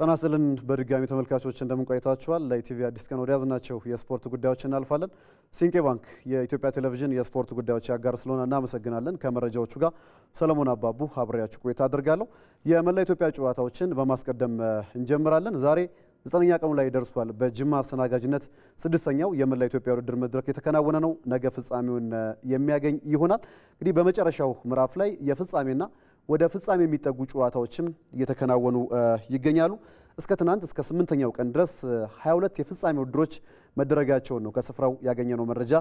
ጤና ይስጥልን በድጋሚ ተመልካቾች እንደምን ቆይታችኋል? ለኢቲቪ አዲስ ቀን ወደ ያዝናቸው የስፖርት ጉዳዮች እናልፋለን። ሲንቄ ባንክ የኢትዮጵያ ቴሌቪዥን የስፖርት ጉዳዮች ያጋር ስለሆነ እናመሰግናለን። ከመረጃዎቹ ጋር ሰለሞን አባቡ አብሬያችሁ ቆይታ አድርጋለሁ። የመላ ኢትዮጵያ ጨዋታዎችን በማስቀደም እንጀምራለን። ዛሬ ዘጠነኛ ቀኑ ላይ ደርሷል። በጅማ አስተናጋጅነት ስድስተኛው የመላ ኢትዮጵያ ውድድር መድረክ የተከናወነ ነው። ነገ ፍጻሜውን የሚያገኝ ይሆናል። እንግዲህ በመጨረሻው ምዕራፍ ላይ የፍጻሜና ወደ ፍጻሜ የሚጠጉ ጨዋታዎችም እየተከናወኑ ይገኛሉ። እስከ ትናንት እስከ ስምንተኛው ቀን ድረስ 22 የፍጻሜ ውድድሮች መደረጋቸውን ነው ከስፍራው ያገኘነው መረጃ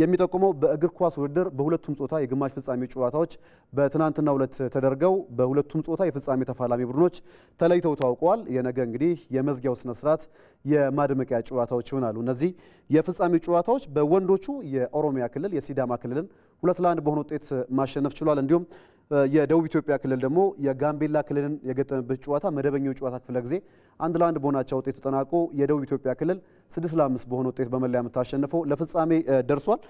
የሚጠቁመው። በእግር ኳስ ውድድር በሁለቱም ጾታ የግማሽ ፍጻሜ ጨዋታዎች በትናንትና ሁለት ተደርገው በሁለቱም ጾታ የፍጻሜ ተፋላሚ ቡድኖች ተለይተው ታውቀዋል። የነገ እንግዲህ የመዝጊያው ስነስርዓት የማድመቂያ ጨዋታዎች ይሆናሉ። እነዚህ የፍጻሜ ጨዋታዎች በወንዶቹ የኦሮሚያ ክልል የሲዳማ ክልልን ሁለት ለአንድ በሆነ ውጤት ማሸነፍ ችሏል። እንዲሁም የደቡብ ኢትዮጵያ ክልል ደግሞ የጋምቤላ ክልልን የገጠመበት ጨዋታ መደበኛው ጨዋታ ክፍለ ጊዜ አንድ ለአንድ በሆናቸው ውጤት ተጠናቆ የደቡብ ኢትዮጵያ ክልል ስድስት ለአምስት በሆነ ውጤት በመለያ ምት አሸንፈው ለፍጻሜ ደርሷል።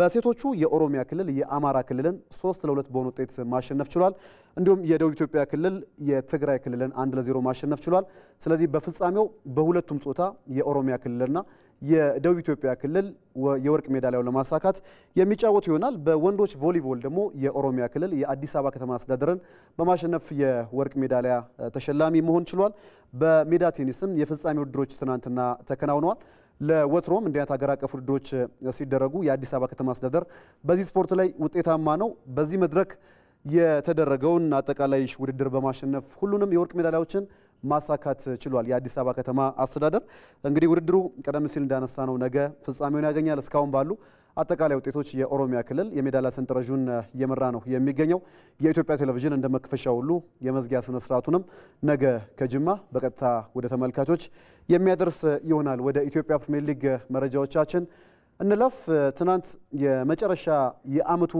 በሴቶቹ የኦሮሚያ ክልል የአማራ ክልልን ሶስት ለሁለት በሆነ ውጤት ማሸነፍ ችሏል። እንዲሁም የደቡብ ኢትዮጵያ ክልል የትግራይ ክልልን አንድ ለዜሮ ማሸነፍ ችሏል። ስለዚህ በፍጻሜው በሁለቱም ጾታ የኦሮሚያ ክልልና የደቡብ ኢትዮጵያ ክልል የወርቅ ሜዳሊያውን ለማሳካት የሚጫወቱ ይሆናል። በወንዶች ቮሊቦል ደግሞ የኦሮሚያ ክልል የአዲስ አበባ ከተማ አስተዳደርን በማሸነፍ የወርቅ ሜዳሊያ ተሸላሚ መሆን ችሏል። በሜዳ ቴኒስም የፍጻሜ ውድድሮች ትናንትና ተከናውነዋል። ለወትሮም እንዲህ አይነት ሀገር አቀፍ ውድድሮች ሲደረጉ የአዲስ አበባ ከተማ አስተዳደር በዚህ ስፖርት ላይ ውጤታማ ነው። በዚህ መድረክ የተደረገውን አጠቃላይ ውድድር በማሸነፍ ሁሉንም የወርቅ ሜዳሊያዎችን ማሳካት ችሏል። የአዲስ አበባ ከተማ አስተዳደር እንግዲህ ውድድሩ ቀደም ሲል እንዳነሳ ነው ነገ ፍጻሜውን ያገኛል። እስካሁን ባሉ አጠቃላይ ውጤቶች የኦሮሚያ ክልል የሜዳሊያ ሰንጠረዡን እየመራ ነው የሚገኘው። የኢትዮጵያ ቴሌቪዥን እንደ መክፈሻ ሁሉ የመዝጊያ ስነ ነገ ከጅማ በቀጥታ ወደ ተመልካቾች የሚያደርስ ይሆናል። ወደ ኢትዮጵያ ፕሪሚየር ሊግ መረጃዎቻችን እንለፍ። ትናንት የመጨረሻ የአመቱ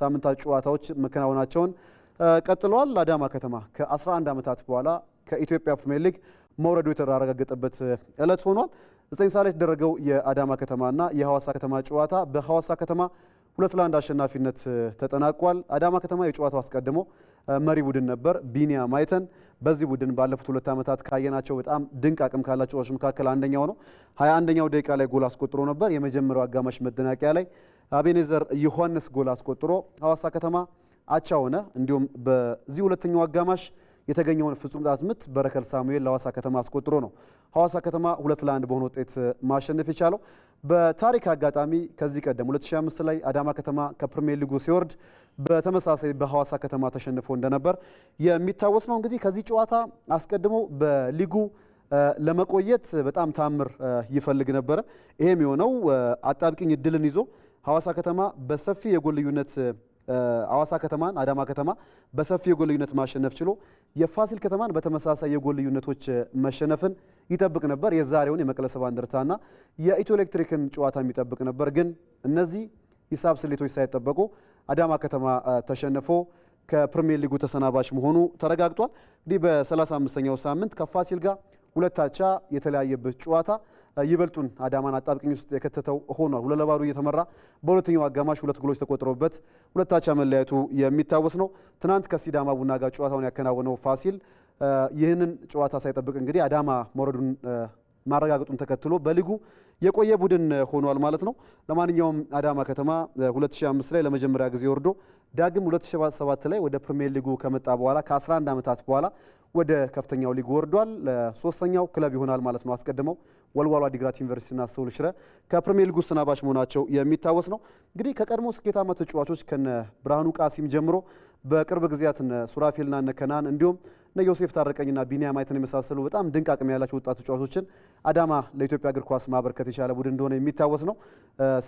ሳምንታት ጨዋታዎች መከናወናቸውን ቀጥለዋል። አዳማ ከተማ ከ11 ዓመታት በኋላ ከኢትዮጵያ ፕሪሚየር ሊግ መውረዱ የተረጋገጠበት ዕለት ሆኗል። ዘጠኝ ሰዓት የተደረገው የአዳማ ከተማና የሐዋሳ ከተማ ጨዋታ በሐዋሳ ከተማ ሁለት ለአንድ አሸናፊነት ተጠናቋል። አዳማ ከተማ የጨዋታው አስቀድሞ መሪ ቡድን ነበር። ቢኒያ ማይተን በዚህ ቡድን ባለፉት ሁለት ዓመታት ካየናቸው በጣም ድንቅ አቅም ካላቸው መካከል አንደኛው ነው። ሀያ አንደኛው ደቂቃ ላይ ጎል አስቆጥሮ ነበር። የመጀመሪያው አጋማሽ መደናቂያ ላይ አቤኔዘር ዮሐንስ ጎል አስቆጥሮ ሐዋሳ ከተማ አቻ ሆነ። እንዲሁም በዚህ ሁለተኛው አጋማሽ የተገኘውን ፍጹም ቅጣት ምት በረከል ሳሙኤል ለሐዋሳ ከተማ አስቆጥሮ ነው ሐዋሳ ከተማ ሁለት ለአንድ በሆነ ውጤት ማሸነፍ የቻለው። በታሪክ አጋጣሚ ከዚህ ቀደም 2005 ላይ አዳማ ከተማ ከፕሪሚየር ሊጉ ሲወርድ በተመሳሳይ በሐዋሳ ከተማ ተሸንፎ እንደነበር የሚታወስ ነው። እንግዲህ ከዚህ ጨዋታ አስቀድሞ በሊጉ ለመቆየት በጣም ታምር ይፈልግ ነበረ። ይሄም የሆነው አጣብቂኝ እድልን ይዞ ሐዋሳ ከተማ በሰፊ የጎል ልዩነት አዋሳ ከተማን አዳማ ከተማ በሰፊ የጎል ልዩነት ማሸነፍ ችሎ የፋሲል ከተማን በተመሳሳይ የጎል ልዩነቶች መሸነፍን ይጠብቅ ነበር። የዛሬውን የመቀለ ሰባ እንደርታና የኢትዮ ኤሌክትሪክን ጨዋታ የሚጠብቅ ነበር። ግን እነዚህ ሂሳብ ስሌቶች ሳይጠበቁ አዳማ ከተማ ተሸንፎ ከፕሪሚየር ሊጉ ተሰናባሽ መሆኑ ተረጋግጧል። እንግዲህ በ35ኛው ሳምንት ከፋሲል ጋር ሁለታቻ የተለያየበት ጨዋታ ይበልጡን አዳማን አጣብቅኝ ውስጥ የከተተው ሆኗል። ሁለት ለባዶ እየተመራ በሁለተኛው አጋማሽ ሁለት ጎሎች ተቆጥረውበት ሁለታቻ አቻ መለያየቱ የሚታወስ ነው። ትናንት ከሲዳማ ቡና ጋር ጨዋታውን ያከናወነው ፋሲል ይህንን ጨዋታ ሳይጠብቅ እንግዲህ አዳማ መውረዱን ማረጋገጡን ተከትሎ በሊጉ የቆየ ቡድን ሆኗል ማለት ነው። ለማንኛውም አዳማ ከተማ 2005 ላይ ለመጀመሪያ ጊዜ ወርዶ ዳግም 2007 ላይ ወደ ፕሪሚየር ሊጉ ከመጣ በኋላ ከ11 ዓመታት በኋላ ወደ ከፍተኛው ሊግ ወርዷል። ሶስተኛው ክለብ ይሆናል ማለት ነው። አስቀድመው ወልዋሎ ዓዲግራት ዩኒቨርሲቲና ሰውል ሽረ ከፕሪሚየር ሊጉ ሰናባች መሆናቸው የሚታወስ ነው። እንግዲህ ከቀድሞ ስኬታማ ተጫዋቾች ከነ ብርሃኑ ቃሲም ጀምሮ በቅርብ ጊዜያት እነ ሱራፌልና እነ ከናን እንዲሁም እነ ዮሴፍ ታረቀኝና ቢኒያም አይተን የመሳሰሉ በጣም ድንቅ አቅም ያላቸው ወጣት ተጫዋቾችን አዳማ ለኢትዮጵያ እግር ኳስ ማበርከት የቻለ ቡድን እንደሆነ የሚታወስ ነው።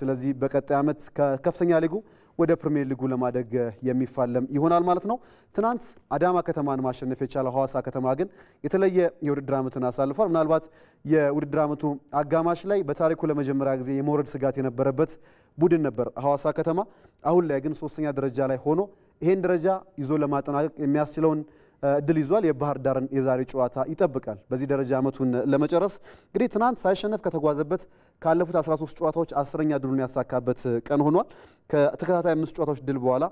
ስለዚህ በቀጣይ ዓመት ከከፍተኛ ሊጉ ወደ ፕሪሚየር ሊጉ ለማደግ የሚፋለም ይሆናል ማለት ነው። ትናንት አዳማ ከተማን ማሸነፍ የቻለው ሐዋሳ ከተማ ግን የተለየ የውድድር ዓመትን አሳልፏል። ምናልባት የውድድር ዓመቱ አጋማሽ ላይ በታሪኩ ለመጀመሪያ ጊዜ የመውረድ ስጋት የነበረበት ቡድን ነበር ሐዋሳ ከተማ። አሁን ላይ ግን ሶስተኛ ደረጃ ላይ ሆኖ ይሄን ደረጃ ይዞ ለማጠናቀቅ የሚያስችለውን እድል ይዟል። የባህር ዳርን የዛሬ ጨዋታ ይጠብቃል። በዚህ ደረጃ ዓመቱን ለመጨረስ እንግዲህ ትናንት ሳይሸነፍ ከተጓዘበት ካለፉት 13 ጨዋታዎች አስረኛ ድሉን ያሳካበት ቀን ሆኗል። ከተከታታይ አምስት ጨዋታዎች ድል በኋላ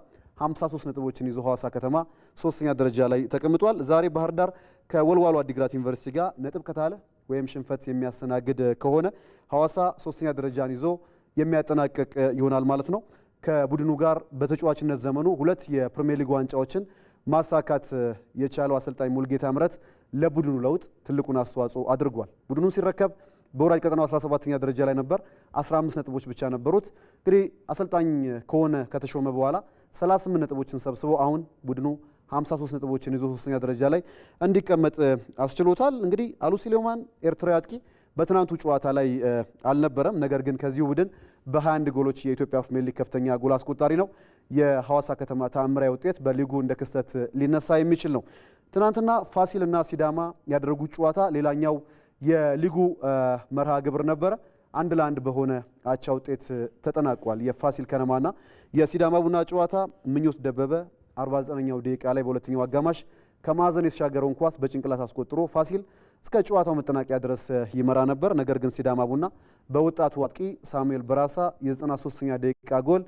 53 ነጥቦችን ይዞ ሐዋሳ ከተማ ሶስተኛ ደረጃ ላይ ተቀምጧል። ዛሬ ባህር ዳር ከወልዋሎ አዲግራት ዩኒቨርሲቲ ጋር ነጥብ ከታለ ወይም ሽንፈት የሚያስተናግድ ከሆነ ሐዋሳ ሶስተኛ ደረጃን ይዞ የሚያጠናቅቅ ይሆናል ማለት ነው። ከቡድኑ ጋር በተጫዋችነት ዘመኑ ሁለት የፕሪሚየር ሊግ ዋንጫዎችን ማሳካት የቻለው አሰልጣኝ ሙልጌታ ምረት ለቡድኑ ለውጥ ትልቁን አስተዋጽኦ አድርጓል። ቡድኑን ሲረከብ በወራጅ ቀጠናው 17ኛ ደረጃ ላይ ነበር። 15 ነጥቦች ብቻ ነበሩት። እንግዲህ አሰልጣኝ ከሆነ ከተሾመ በኋላ 38 ነጥቦችን ሰብስቦ አሁን ቡድኑ 53 ነጥቦችን ይዞ ሶስተኛ ደረጃ ላይ እንዲቀመጥ አስችሎታል። እንግዲህ አሉ ሲሌማን ኤርትራዊ አጥቂ በትናንቱ ጨዋታ ላይ አልነበረም። ነገር ግን ከዚሁ ቡድን በ21 ጎሎች የኢትዮጵያ ፕሪሚየር ሊግ ከፍተኛ ጎል አስቆጣሪ ነው። የሐዋሳ ከተማ ተአምራዊ ውጤት በሊጉ እንደ ክስተት ሊነሳ የሚችል ነው። ትናንትና ፋሲልና ሲዳማ ያደረጉት ጨዋታ ሌላኛው የሊጉ መርሃ ግብር ነበረ። አንድ ለአንድ በሆነ አቻ ውጤት ተጠናቋል። የፋሲል ከነማና የሲዳማ ቡና ጨዋታ ምኞት ደበበ 49ኛው ደቂቃ ላይ በሁለተኛው አጋማሽ ከማዕዘን የተሻገረውን ኳስ በጭንቅላት አስቆጥሮ ፋሲል እስከ ጨዋታው መጠናቂያ ድረስ ይመራ ነበር። ነገር ግን ሲዳማ ቡና በወጣቱ አጥቂ ሳሙኤል በራሳ የ93ኛ ደቂቃ ጎል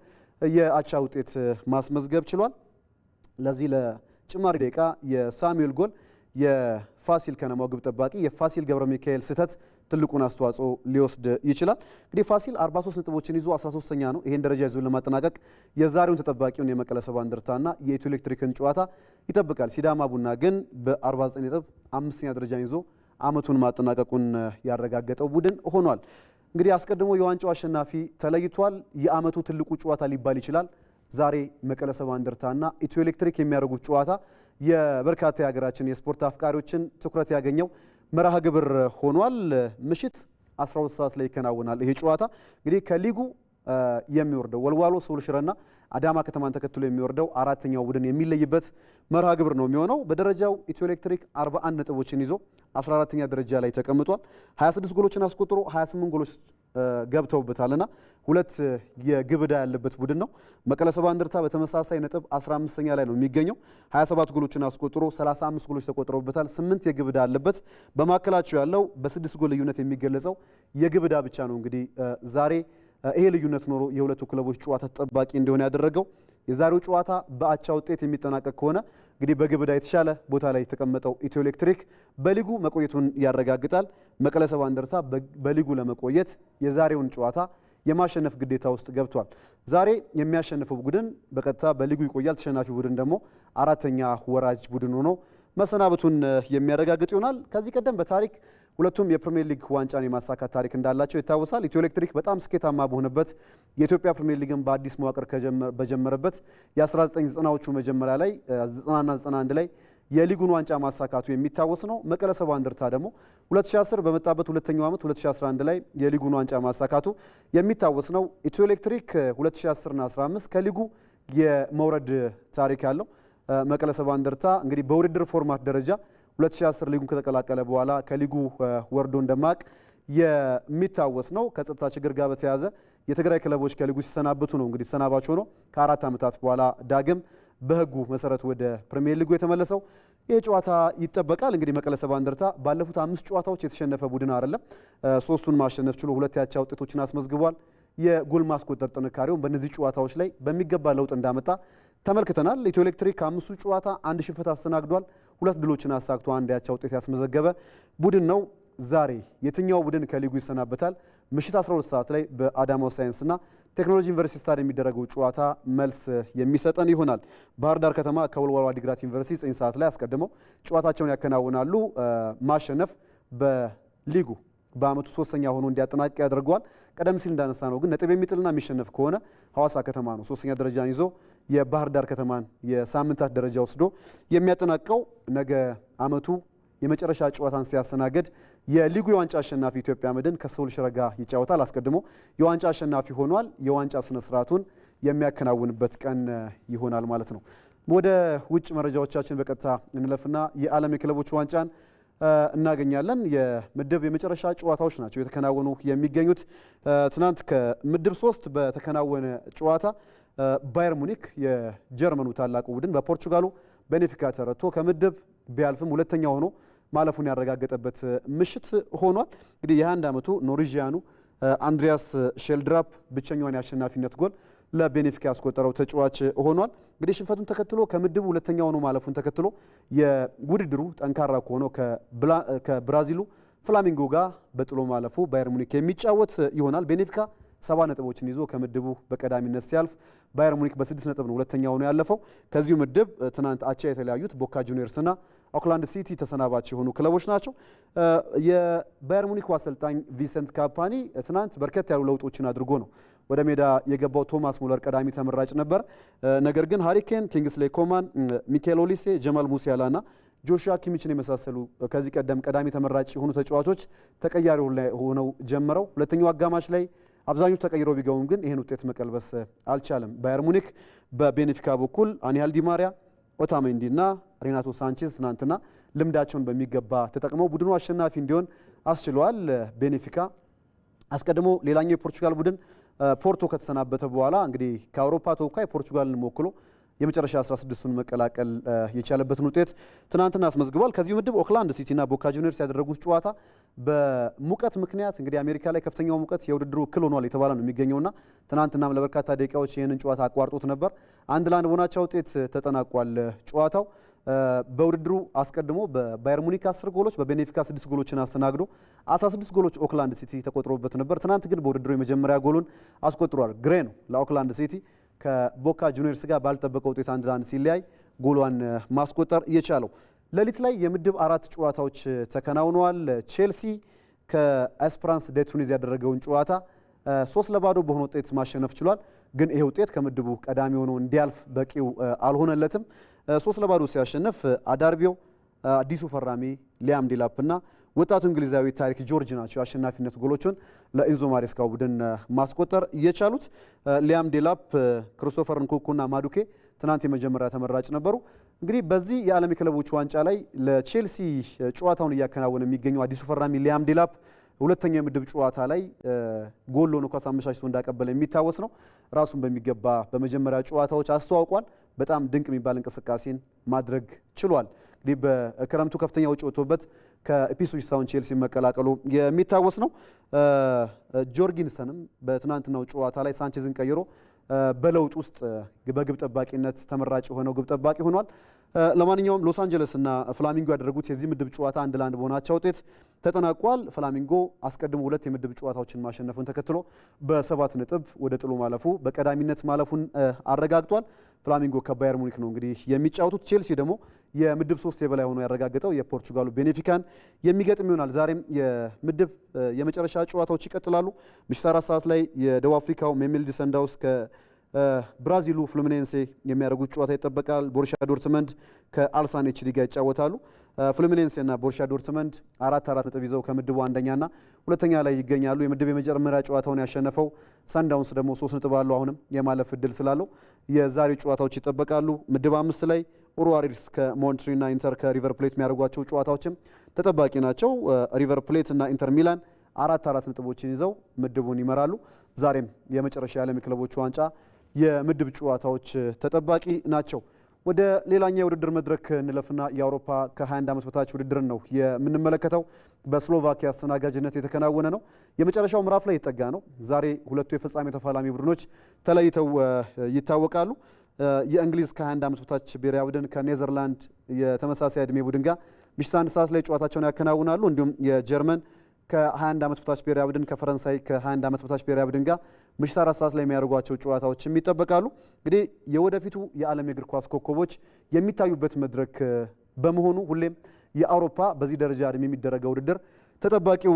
የአቻ ውጤት ማስመዝገብ ችሏል። ለዚህ ለጭማሪ ደቂቃ የሳሙኤል ጎል የፋሲል ከነማው ግብ ጠባቂ የፋሲል ገብረ ሚካኤል ስህተት ትልቁን አስተዋጽኦ ሊወስድ ይችላል። እንግዲህ ፋሲል 43 ነጥቦችን ይዞ 13ኛ ነው። ይሄን ደረጃ ይዞ ለማጠናቀቅ የዛሬውን ተጠባቂውን የመቀለ ሰባ እንደርታና የኢትዮ ኤሌክትሪክን ጨዋታ ይጠብቃል። ሲዳማ ቡና ግን በ49 ነጥብ አምስተኛ ደረጃ ይዞ ዓመቱን ማጠናቀቁን ያረጋገጠው ቡድን ሆኗል። እንግዲህ አስቀድሞ የዋንጫው አሸናፊ ተለይቷል። የዓመቱ ትልቁ ጨዋታ ሊባል ይችላል። ዛሬ መቀለ ሰባ እንደርታና ኢትዮ ኤሌክትሪክ የሚያደርጉት ጨዋታ የበርካታ የሀገራችን የስፖርት አፍቃሪዎችን ትኩረት ያገኘው መርሃ ግብር ሆኗል። ምሽት 12 ሰዓት ላይ ይከናወናል ይሄ ጨዋታ እንግዲህ ከሊጉ የሚወርደው ወልዋሎ ሰውል ሽረና አዳማ ከተማን ተከትሎ የሚወርደው አራተኛው ቡድን የሚለይበት መርሃ ግብር ነው የሚሆነው። በደረጃው ኢትዮ ኤሌክትሪክ 41 ነጥቦችን ይዞ 14ተኛ ደረጃ ላይ ተቀምጧል። 26 ጎሎችን አስቆጥሮ 28 ጎሎች ገብተውበታልና ሁለት የግብ ዕዳ ያለበት ቡድን ነው። መቀለ ሰባ እንደርታ በተመሳሳይ ነጥብ 15ኛ ላይ ነው የሚገኘው። 27 ጎሎችን አስቆጥሮ 35 ጎሎች ተቆጥረውበታል። 8 የግብ ዕዳ ያለበት በማዕከላቸው ያለው በስድስት ጎል ልዩነት የሚገለጸው የግብ ዕዳ ብቻ ነው እንግዲህ ዛሬ ይሄ ልዩነት ኖሮ የሁለቱ ክለቦች ጨዋታ ተጠባቂ እንደሆነ ያደረገው የዛሬው ጨዋታ በአቻ ውጤት የሚጠናቀቅ ከሆነ እንግዲህ በግብ ዕዳ የተሻለ ቦታ ላይ የተቀመጠው ኢትዮ ኤሌክትሪክ በሊጉ መቆየቱን ያረጋግጣል። መቀለ ሰባ እንደርታ በሊጉ ለመቆየት የዛሬውን ጨዋታ የማሸነፍ ግዴታ ውስጥ ገብቷል። ዛሬ የሚያሸንፈው ቡድን በቀጥታ በሊጉ ይቆያል። ተሸናፊ ቡድን ደግሞ አራተኛ ወራጅ ቡድን ሆኖ መሰናበቱን የሚያረጋግጥ ይሆናል። ከዚህ ቀደም በታሪክ ሁለቱም የፕሪሚየር ሊግ ዋንጫን የማሳካት ታሪክ እንዳላቸው ይታወሳል። ኢትዮ ኤሌክትሪክ በጣም ስኬታማ በሆነበት የኢትዮጵያ ፕሪሚየር ሊግን በአዲስ መዋቅር በጀመረበት የ1990ዎቹ መጀመሪያ ላይ 90ና 91 ላይ የሊጉን ዋንጫ ማሳካቱ የሚታወስ ነው። መቀለ ሰባ እንደርታ ደግሞ 2010 በመጣበት ሁለተኛው ዓመት 2011 ላይ የሊጉን ዋንጫ ማሳካቱ የሚታወስ ነው። ኢትዮ ኤሌክትሪክ 2010ና 15 ከሊጉ የመውረድ ታሪክ ያለው መቀለ ሰባ እንደርታ እንግዲህ በውድድር ፎርማት ደረጃ 2010 ሊጉን ከተቀላቀለ በኋላ ከሊጉ ወርዶ እንደማቅ የሚታወስ ነው። ከጸጥታ ችግር ጋር በተያያዘ የትግራይ ክለቦች ከሊጉ ሲሰናበቱ ነው እንግዲህ ሰናባች ሆኖ ከአራት ዓመታት በኋላ ዳግም በህጉ መሰረት ወደ ፕሪሚየር ሊጉ የተመለሰው ይህ ጨዋታ ይጠበቃል። እንግዲህ መቀለ ሰባ እንደርታ ባለፉት አምስት ጨዋታዎች የተሸነፈ ቡድን አይደለም። ሶስቱን ማሸነፍ ችሎ ሁለት ያቻ ውጤቶችን አስመዝግቧል። የጎል ማስቆጠር ጥንካሬውን በእነዚህ ጨዋታዎች ላይ በሚገባ ለውጥ እንዳመጣ ተመልክተናል። ኢትዮ ኤሌክትሪክ ከአምስቱ ጨዋታ አንድ ሽንፈት አስተናግዷል። ሁለት ድሎችን አሳክቶ አንድ ያቻ ውጤት ያስመዘገበ ቡድን ነው። ዛሬ የትኛው ቡድን ከሊጉ ይሰናበታል? ምሽት 12 ሰዓት ላይ በአዳማው ሳይንስና ቴክኖሎጂ ዩኒቨርሲቲ ስታዲየም የሚደረገው ጨዋታ መልስ የሚሰጠን ይሆናል። ባህር ዳር ከተማ ከወልዋሎ ዓዲግራት ዩኒቨርሲቲ 9 ሰዓት ላይ አስቀድመው ጨዋታቸውን ያከናውናሉ። ማሸነፍ በሊጉ በአመቱ ሶስተኛ ሆኖ እንዲያጠናቅቅ ያደርገዋል። ቀደም ሲል እንዳነሳ ነው ግን ነጥብ የሚጥልና የሚሸነፍ ከሆነ ሐዋሳ ከተማ ነው ሶስተኛ ደረጃን ይዞ የባህር ዳር ከተማን የሳምንታት ደረጃ ወስዶ የሚያጠናቀው ነገ አመቱ የመጨረሻ ጨዋታን ሲያስተናግድ የሊጉ የዋንጫ አሸናፊ ኢትዮጵያ መድን ከሰውል ሽረ ጋር ይጫወታል። አስቀድሞ የዋንጫ አሸናፊ ሆኗል። የዋንጫ ስነስርዓቱን የሚያከናውንበት ቀን ይሆናል ማለት ነው። ወደ ውጭ መረጃዎቻችን በቀጥታ እንለፍና የዓለም የክለቦች ዋንጫን እናገኛለን። የምድብ የመጨረሻ ጨዋታዎች ናቸው የተከናወኑ የሚገኙት። ትናንት ከምድብ ሶስት በተከናወነ ጨዋታ ባየር ሙኒክ የጀርመኑ ታላቁ ቡድን በፖርቹጋሉ ቤኔፊካ ተረቶ ከምድብ ቢያልፍም ሁለተኛ ሆኖ ማለፉን ያረጋገጠበት ምሽት ሆኗል። እንግዲህ የአንድ 21 ዓመቱ አንድሪያስ ሼልድራፕ ብቸኛዋን የአሸናፊነት ጎል ለቤኔፊካ ያስቆጠረው ተጫዋች ሆኗል። እንግዲህ ሽንፈቱን ተከትሎ ከምድቡ ሁለተኛ ሆኖ ማለፉን ተከትሎ የውድድሩ ጠንካራ ከሆነው ከብራዚሉ ፍላሚንጎ ጋር በጥሎ ማለፉ ባየር ሙኒክ የሚጫወት ይሆናል። ቤኔፊካ ሰባ ነጥቦችን ይዞ ከምድቡ በቀዳሚነት ሲያልፍ ባየር ሙኒክ በስድስት ነጥብ ነው ሁለተኛ ሆኖ ያለፈው። ከዚሁ ምድብ ትናንት አቻ የተለያዩት ቦካ ጁኒየርስና ኦክላንድ ሲቲ ተሰናባች የሆኑ ክለቦች ናቸው። የባየር ሙኒኩ አሰልጣኝ ቪሰንት ካፓኒ ትናንት በርከት ያሉ ለውጦችን አድርጎ ነው ወደ ሜዳ የገባው። ቶማስ ሙለር ቀዳሚ ተመራጭ ነበር። ነገር ግን ሃሪኬን፣ ኪንግስሌ ኮማን፣ ሚኬል ኦሊሴ፣ ጀማል ሙሲያላና ጆሹዋ ኪሚችን የመሳሰሉ ከዚህ ቀደም ቀዳሚ ተመራጭ የሆኑ ተጫዋቾች ተቀያሪ ሆነው ጀምረው ሁለተኛው አጋማሽ ላይ አብዛኞቹ ተቀይሮ ቢገቡም ግን ይህን ውጤት መቀልበስ አልቻለም። ባየር ሙኒክ በቤኔፊካ በኩል አኒያል ዲማሪያ፣ ኦታሜንዲ እና ሬናቶ ሳንቼዝ ትናንትና ልምዳቸውን በሚገባ ተጠቅመው ቡድኑ አሸናፊ እንዲሆን አስችለዋል። ቤኔፊካ አስቀድሞ ሌላኛው የፖርቹጋል ቡድን ፖርቶ ከተሰናበተ በኋላ እንግዲህ ከአውሮፓ ተወካይ ፖርቹጋልን ሞክሎ። የመጨረሻ 16ቱን መቀላቀል የቻለበትን ውጤት ትናንትና አስመዝግቧል። ከዚሁ ምድብ ኦክላንድ ሲቲና ቦካ ጁኒየርስ ያደረጉት ጨዋታ በሙቀት ምክንያት እንግዲህ አሜሪካ ላይ ከፍተኛው ሙቀት የውድድሩ እክል ሆኗል የተባለ ነው የሚገኘውና ትናንትናም ለበርካታ ደቂቃዎች ይህንን ጨዋታ አቋርጦት ነበር። አንድ ለአንድ በሆናቸው ውጤት ተጠናቋል ጨዋታው። በውድድሩ አስቀድሞ በባየር ሙኒክ 10 ጎሎች በቤኔፊካ 6 ጎሎችን አስተናግዶ 16 ጎሎች ኦክላንድ ሲቲ ተቆጥሮበት ነበር። ትናንት ግን በውድድሩ የመጀመሪያ ጎሉን አስቆጥሯል። ግሬ ነው ለኦክላንድ ሲቲ ከቦካ ጁኒየርስ ጋር ባልጠበቀ ውጤት አንድ ለአንድ ሲለያይ ጎሏን ማስቆጠር የቻለው። ሌሊት ላይ የምድብ አራት ጨዋታዎች ተከናውነዋል። ቼልሲ ከኤስፕራንስ ደ ቱኒዝ ያደረገውን ጨዋታ ሶስት ለባዶ በሆነ ውጤት ማሸነፍ ችሏል። ግን ይሄ ውጤት ከምድቡ ቀዳሚ ሆኖ እንዲያልፍ በቂው አልሆነለትም። ሶስት ለባዶ ሲያሸንፍ አዳርቢዮ፣ አዲሱ ፈራሚ ሊያም ዴላፕ ወጣቱ እንግሊዛዊ ታሪክ ጆርጅ ናቸው አሸናፊነት ጎሎቹን ለኢንዞ ማሬስካው ቡድን ማስቆጠር የቻሉት። ሊያም ዴላፕ፣ ክሪስቶፈር ንኩኩና ማዱኬ ትናንት የመጀመሪያ ተመራጭ ነበሩ። እንግዲህ በዚህ የዓለም የክለቦች ዋንጫ ላይ ለቼልሲ ጨዋታውን እያከናወነ የሚገኘው አዲሱ ፈራሚ ሊያም ዴላፕ ሁለተኛ የምድብ ጨዋታ ላይ ጎል ሆኖ ኳስ አመቻችቶ እንዳቀበለ የሚታወስ ነው። ራሱን በሚገባ በመጀመሪያ ጨዋታዎች አስተዋውቋል። በጣም ድንቅ የሚባል እንቅስቃሴን ማድረግ ችሏል። እንግዲህ በክረምቱ ከፍተኛ ውጭ ወጥቶበት ከኢፒስዊች ታውን ቼልሲ መቀላቀሉ የሚታወስ ነው። ጆርጊንሰንም በትናንትናው ጨዋታ ላይ ሳንቼዝን ቀይሮ በለውጥ ውስጥ በግብ ጠባቂነት ተመራጭ የሆነው ግብ ጠባቂ ሆኗል። ለማንኛውም ሎስ አንጀለስ እና ፍላሚንጎ ያደረጉት የዚህ ምድብ ጨዋታ አንድ ለአንድ በሆናቸው ውጤት ተጠናቋል። ፍላሚንጎ አስቀድሞ ሁለት የምድብ ጨዋታዎችን ማሸነፉን ተከትሎ በሰባት ነጥብ ወደ ጥሎ ማለፉ በቀዳሚነት ማለፉን አረጋግጧል። ፍላሚንጎ ከባየር ሙኒክ ነው እንግዲህ የሚጫወቱት። ቼልሲ ደግሞ የምድብ ሶስት የበላይ ሆኖ ያረጋገጠው የፖርቹጋሉ ቤኔፊካን የሚገጥም ይሆናል። ዛሬም የምድብ የመጨረሻ ጨዋታዎች ይቀጥላሉ። ምሽት አራት ሰዓት ላይ የደቡብ አፍሪካው ሜሜልዲ ሰንዳውስ ብራዚሉ ፍሉሚኔንሴ የሚያደርጉት ጨዋታ ይጠበቃል። ቦሩሻ ዶርትመንድ ከአልሳኔች ሊጋ ይጫወታሉ። ፍሉሚኔንሴ እና ዶርትመንድ አራት አራት ነጥብ ይዘው ከምድቡ አንደኛና ሁለተኛ ላይ ይገኛሉ። የምድብ የመጀመሪያ ጨዋታውን ያሸነፈው ሳንዳውንስ ደግሞ ሶስት ነጥብ አለው። አሁንም የማለፍ እድል ስላለው የዛሬው ጨዋታዎች ይጠበቃሉ። ምድብ አምስት ላይ ኡሩዋሪድስ ከሞንትሪና ኢንተር ከሪቨር ፕሌት የሚያደርጓቸው ጨዋታዎችም ተጠባቂ ናቸው። ሪቨር ፕሌት እና ኢንተር ሚላን አራት አራት ነጥቦችን ይዘው ምድቡን ይመራሉ። ዛሬም የመጨረሻ የዓለም የክለቦች ዋንጫ የምድብ ጨዋታዎች ተጠባቂ ናቸው። ወደ ሌላኛው የውድድር መድረክ እንለፍና የአውሮፓ ከ21 ዓመት በታች ውድድርን ነው የምንመለከተው። በስሎቫኪያ አስተናጋጅነት የተከናወነ ነው። የመጨረሻው ምዕራፍ ላይ የጠጋ ነው። ዛሬ ሁለቱ የፍጻሜ ተፋላሚ ቡድኖች ተለይተው ይታወቃሉ። የእንግሊዝ ከ21 ዓመት በታች ብሔራዊ ቡድን ከኔዘርላንድ የተመሳሳይ ዕድሜ ቡድን ጋር ምሽት አንድ ሰዓት ላይ ጨዋታቸውን ያከናውናሉ። እንዲሁም የጀርመን ከ21 ዓመት በታች ብሔራዊ ቡድን ከፈረንሳይ ከ21 ዓመት በታች ብሔራዊ ቡድን ጋር ምሽት አራት ሰዓት ላይ የሚያደርጓቸው ጨዋታዎች ይጠበቃሉ። እንግዲህ የወደፊቱ የዓለም የእግር ኳስ ኮከቦች የሚታዩበት መድረክ በመሆኑ ሁሌም የአውሮፓ በዚህ ደረጃ እድሜ የሚደረገው ውድድር ተጠባቂው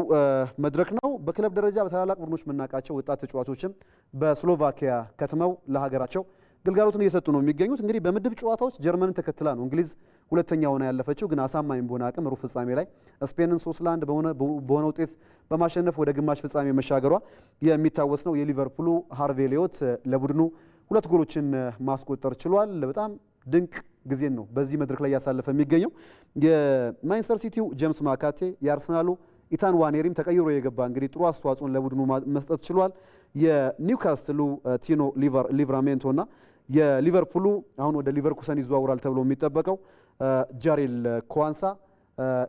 መድረክ ነው። በክለብ ደረጃ በታላላቅ ቡድኖች የምናውቃቸው ወጣት ተጫዋቾችም በስሎቫኪያ ከትመው ለሀገራቸው ግልጋሎትን እየሰጡ ነው የሚገኙት። እንግዲህ በምድብ ጨዋታዎች ጀርመንን ተከትላ ነው እንግሊዝ ሁለተኛ ሆና ያለፈችው፣ ግን አሳማኝ በሆነ አቅም ሩብ ፍጻሜ ላይ ስፔንን ሶስት ለአንድ በሆነ ውጤት በማሸነፍ ወደ ግማሽ ፍጻሜ መሻገሯ የሚታወስ ነው። የሊቨርፑሉ ሃርቬ ሊዮት ለቡድኑ ሁለት ጎሎችን ማስቆጠር ችሏል። በጣም ድንቅ ጊዜን ነው በዚህ መድረክ ላይ እያሳለፈ የሚገኘው። የማንቸስተር ሲቲው ጄምስ ማካቴ፣ የአርሰናሉ ኢታን ዋኔሪም ተቀይሮ የገባ እንግዲህ ጥሩ አስተዋጽኦን ለቡድኑ መስጠት ችሏል። የኒውካስትሉ ቲኖ ሊቨራሜንቶና የሊቨርፑሉ አሁን ወደ ሊቨርኩሰን ይዘዋውራል ተብሎ የሚጠበቀው ጃሬል ኮዋንሳ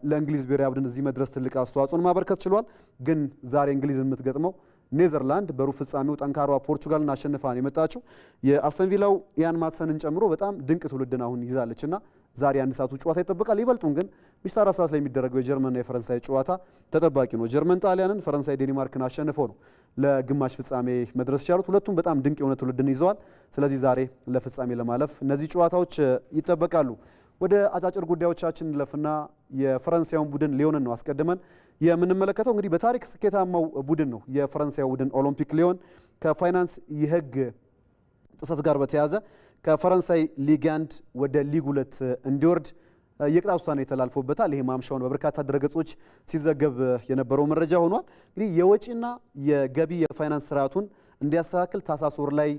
ለእንግሊዝ ብሔራዊ ቡድን እዚህ መድረስ ትልቅ አስተዋጽኦን ማበርከት ችሏል። ግን ዛሬ እንግሊዝ የምትገጥመው ኔዘርላንድ በሩብ ፍጻሜው ጠንካሯ ፖርቹጋልን ነው የመጣችው የአስተንቪላው ያን ማትሰንን ጨምሮ በጣም ድንቅ ትውልድን አሁን ይዛለች እና ዛሬ አንድ ሰዓቱ ጨዋታ ይጠብቃል። ይበልጡን ግን ምሽት አራት ሰዓት ላይ የሚደረገው የጀርመንና የፈረንሳይ ጨዋታ ተጠባቂ ነው። ጀርመን ጣሊያንን፣ ፈረንሳይ ዴንማርክን አሸንፈው ነው ለግማሽ ፍጻሜ መድረስ ቻሉት። ሁለቱም በጣም ድንቅ የሆነ ትውልድን ይዘዋል። ስለዚህ ዛሬ ለፍጻሜ ለማለፍ እነዚህ ጨዋታዎች ይጠበቃሉ። ወደ አጫጭር ጉዳዮቻችን ለፍና የፈረንሳዩን ቡድን ሊዮንን ነው አስቀድመን የምንመለከተው። እንግዲህ በታሪክ ስኬታማው ቡድን ነው የፈረንሳይ ቡድን ኦሎምፒክ ሊዮን ከፋይናንስ የሕግ ጥሰት ጋር በተያያዘ ከፈረንሳይ ሊግ አንድ ወደ ሊግ ሁለት እንዲወርድ የቅጣት ውሳኔ ተላልፎበታል። ይሄ ማምሻውን በበርካታ ድረገጾች ሲዘገብ የነበረው መረጃ ሆኗል። እንግዲህ የወጪና የገቢ የፋይናንስ ስርዓቱን እንዲያስተካክል ታህሳስ ወር ላይ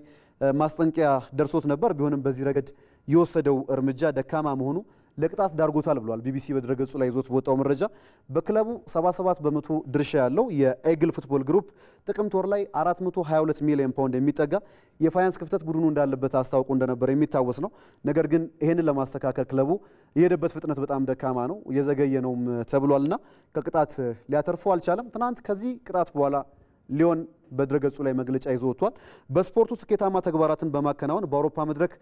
ማስጠንቀቂያ ደርሶት ነበር። ቢሆንም በዚህ ረገድ የወሰደው እርምጃ ደካማ መሆኑ ለቅጣት ዳርጎታል ብሏል። ቢቢሲ በድረገጹ ላይ ይዞት በወጣው መረጃ በክለቡ 77 በመቶ ድርሻ ያለው የኤግል ፉትቦል ግሩፕ ጥቅምት ወር ላይ 422 ሚሊዮን ፓውንድ የሚጠጋ የፋይናንስ ክፍተት ቡድኑ እንዳለበት አስታውቆ እንደነበረ የሚታወስ ነው። ነገር ግን ይህንን ለማስተካከል ክለቡ የሄደበት ፍጥነት በጣም ደካማ ነው፣ የዘገየ ነውም ተብሏልና ከቅጣት ሊያተርፈው አልቻለም። ትናንት ከዚህ ቅጣት በኋላ ሊዮን በድረገጹ ላይ መግለጫ ይዞ ወጥቷል። በስፖርቱ ስኬታማ ተግባራትን በማከናወን በአውሮፓ መድረክ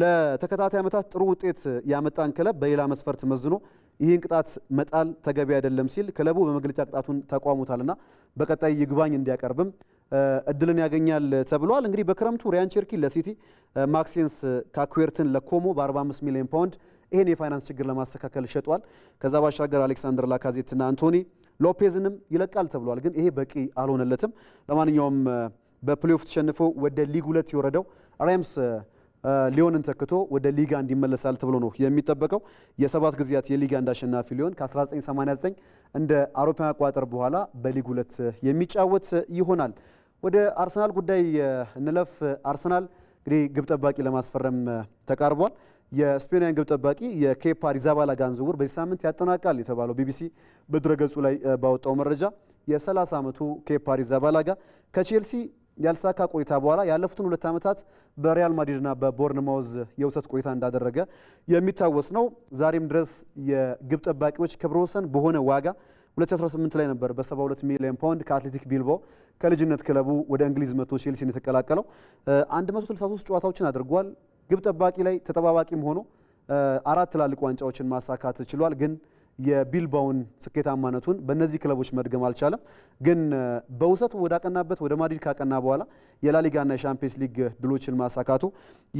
ለተከታታይ ዓመታት ጥሩ ውጤት ያመጣን ክለብ በሌላ መስፈርት መዝኖ ይህን ቅጣት መጣል ተገቢ አይደለም ሲል ክለቡ በመግለጫ ቅጣቱን ተቋሙታልና በቀጣይ ይግባኝ እንዲያቀርብም እድልን ያገኛል ተብሏል። እንግዲህ በክረምቱ ሪያን ቸርኪ ለሲቲ ማክሴንስ ካኩዌርትን ለኮሞ በ45 ሚሊዮን ፓውንድ ይህን የፋይናንስ ችግር ለማስተካከል ሸጧል። ከዛ ባሻገር አሌክሳንደር ላካዜትና አንቶኒ ሎፔዝንም ይለቃል ተብሏል። ግን ይሄ በቂ አልሆነለትም። ለማንኛውም በፕሌኦፍ ተሸንፎ ወደ ሊግ ሁለት የወረደው ሬምስ ሊዮንን ተክቶ ወደ ሊጋ እንዲመለሳል ተብሎ ነው የሚጠበቀው። የሰባት ጊዜያት የሊጋ እንዳሸናፊ አሸናፊ ሊዮን ከ1989 እንደ አውሮፓ አቆጣጠር በኋላ በሊግ ሁለት የሚጫወት ይሆናል። ወደ አርሰናል ጉዳይ እንለፍ። አርሰናል እንግዲህ ግብ ጠባቂ ለማስፈረም ተቃርቧል። የስፔናውያን ግብ ጠባቂ የኬፓ አሪዛባላጋን ዝውውር በዚህ ሳምንት ያጠናቃል የተባለው ቢቢሲ በድረገጹ ላይ ባወጣው መረጃ የ30 ዓመቱ ኬፓ አሪዛባላጋ ከቼልሲ ያልሳካ ቆይታ በኋላ ያለፉትን ሁለት ዓመታት በሪያል ማድሪድና በቦርንማውዝ የውሰት ቆይታ እንዳደረገ የሚታወስ ነው። ዛሬም ድረስ የግብ ጠባቂዎች ክብረ ወሰን በሆነ ዋጋ 2018 ላይ ነበር በ72 ሚሊዮን ፓውንድ ከአትሌቲክ ቢልቦ ከልጅነት ክለቡ ወደ እንግሊዝ መቶ ቼልሲን የተቀላቀለው። 163 ጨዋታዎችን አድርጓል። ግብ ጠባቂ ላይ ተጠባባቂም ሆኖ አራት ትላልቅ ዋንጫዎችን ማሳካት ችሏል። ግን የቢልባውን ስኬታማነቱን በእነዚህ ክለቦች መድገም አልቻለም። ግን በውሰት ወዳቀናበት ወደ ማድሪድ ካቀና በኋላ የላሊጋና የሻምፒየንስ ሊግ ድሎችን ማሳካቱ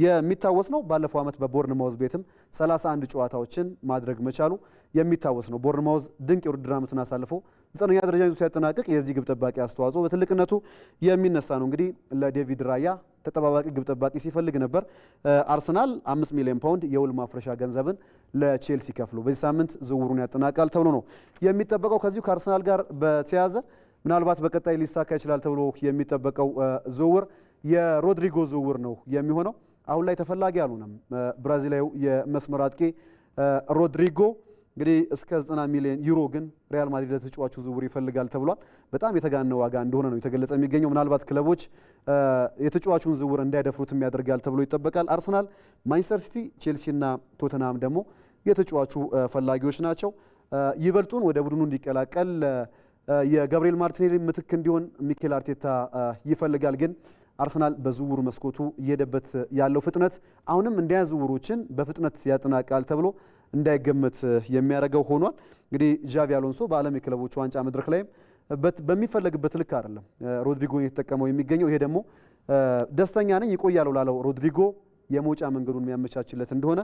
የሚታወስ ነው። ባለፈው ዓመት በቦርንማውዝ ቤትም 31 ጨዋታዎችን ማድረግ መቻሉ የሚታወስ ነው። ቦርንማውዝ ድንቅ የውድድር ዓመትን አሳልፎ ዘጠነኛ ደረጃ ይዞ ሲያጠናቅቅ የዚህ ግብ ጠባቂ አስተዋጽኦ በትልቅነቱ የሚነሳ ነው። እንግዲህ ለዴቪድ ራያ ተጠባባቂ ግብ ጠባቂ ሲፈልግ ነበር። አርሰናል 5 ሚሊዮን ፓውንድ የውል ማፍረሻ ገንዘብን ለቼልሲ ከፍሎ በዚህ ሳምንት ዝውውሩን ያጠናቃል ተብሎ ነው የሚጠበቀው። ከዚሁ ከአርሰናል ጋር በተያያዘ ምናልባት በቀጣይ ሊሳካ ይችላል ተብሎ የሚጠበቀው ዝውውር የሮድሪጎ ዝውውር ነው የሚሆነው። አሁን ላይ ተፈላጊ አልሆነም። ብራዚላዊው የመስመር አጥቂ ሮድሪጎ እንግዲህ እስከ 90 ሚሊዮን ዩሮ ግን ሪያል ማድሪድ ለተጫዋቹ ዝውውር ይፈልጋል ተብሏል። በጣም የተጋነ ዋጋ እንደሆነ ነው የተገለጸ የሚገኘው። ምናልባት ክለቦች የተጫዋቹን ዝውውር እንዳይደፍሩትም ያደርጋል ተብሎ ይጠበቃል። አርሰናል፣ ማንቸስተር ሲቲ፣ ቼልሲና ቶተናም ደግሞ የተጫዋቹ ፈላጊዎች ናቸው። ይበልጡን ወደ ቡድኑ እንዲቀላቀል የጋብሪኤል ማርቲኔሊ ምትክ እንዲሆን ሚኬል አርቴታ ይፈልጋል ግን አርሰናል በዝውውር መስኮቱ እየሄደበት ያለው ፍጥነት አሁንም እንዲያ ዝውውሮችን በፍጥነት ያጠናቃል ተብሎ እንዳይገመት የሚያደርገው ሆኗል። እንግዲህ ዣቪ አሎንሶ በዓለም የክለቦች ዋንጫ መድረክ ላይም በሚፈለግበት ልክ አይደለም ሮድሪጎ የተጠቀመው የሚገኘው። ይሄ ደግሞ ደስተኛ ነኝ ይቆያሉ ላለው ሮድሪጎ የመውጫ መንገዱን የሚያመቻችለት እንደሆነ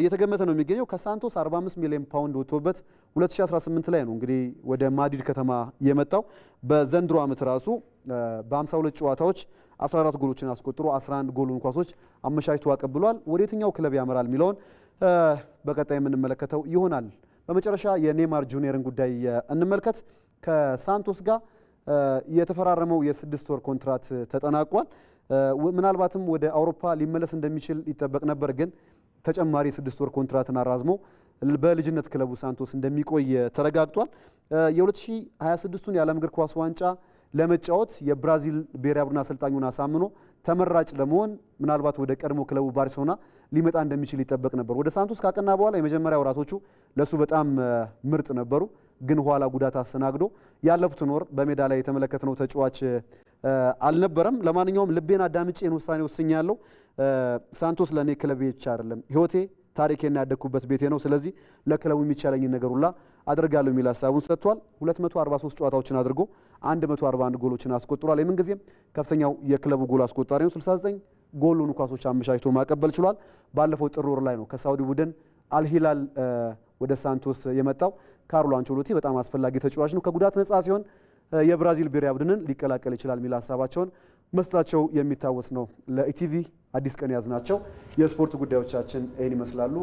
እየተገመተ ነው የሚገኘው። ከሳንቶስ 45 ሚሊዮን ፓውንድ ወጥቶበት 2018 ላይ ነው እንግዲህ ወደ ማድሪድ ከተማ የመጣው። በዘንድሮ ዓመት ራሱ በ52 ጨዋታዎች 14 ጎሎችን አስቆጥሮ 11 ጎሉን ኳሶች አመቻችቶ አቀብሏል። ወደ የትኛው ክለብ ያመራል የሚለውን በቀጣይ የምንመለከተው ይሆናል። በመጨረሻ የኔማር ጁኒየርን ጉዳይ እንመልከት። ከሳንቶስ ጋር የተፈራረመው የስድስት ወር ኮንትራት ተጠናቋል። ምናልባትም ወደ አውሮፓ ሊመለስ እንደሚችል ይጠበቅ ነበር፣ ግን ተጨማሪ የስድስት ወር ኮንትራትን አራዝሞ በልጅነት ክለቡ ሳንቶስ እንደሚቆይ ተረጋግጧል። የ2026ቱን የዓለም እግር ኳስ ዋንጫ ለመጫወት የብራዚል ብሔራዊ ቡድን አሰልጣኙን አሳምኖ ተመራጭ ለመሆን ምናልባት ወደ ቀድሞ ክለቡ ባርሴሎና ሊመጣ እንደሚችል ይጠበቅ ነበር። ወደ ሳንቶስ ካቀና በኋላ የመጀመሪያ ወራቶቹ ለሱ በጣም ምርጥ ነበሩ፣ ግን ኋላ ጉዳት አስተናግዶ ያለፉትን ወር በሜዳ ላይ የተመለከትነው ተጫዋች አልነበረም። ለማንኛውም ልቤን አዳምጬን ውሳኔ ወስኛለሁ። ሳንቶስ ለእኔ ክለብ ብቻ አይደለም ህይወቴ ታሪኬና ያደግኩበት ቤቴ ነው። ስለዚህ ለክለቡ የሚቻለኝን ነገር ሁላ አድርጋለሁ የሚል ሀሳቡን ሰጥቷል። 243 ጨዋታዎችን አድርጎ 141 ጎሎችን አስቆጥሯል። የምንጊዜም ከፍተኛው የክለቡ ጎል አስቆጣሪ ነው 69 ጎሉን ኳሶች አመቻችቶ ማቀበል ችሏል። ባለፈው ጥር ወር ላይ ነው ከሳውዲ ቡድን አልሂላል ወደ ሳንቶስ የመጣው ካርሎ አንቸሎቲ በጣም አስፈላጊ ተጫዋች ነው። ከጉዳት ነጻ ሲሆን የብራዚል ብሔራዊ ቡድንን ሊቀላቀል ይችላል የሚል ሀሳባቸውን መስጣቸው የሚታወስ ነው። ለኢቲቪ አዲስ ቀን ያዝናቸው የስፖርት ጉዳዮቻችን ይህን ይመስላሉ።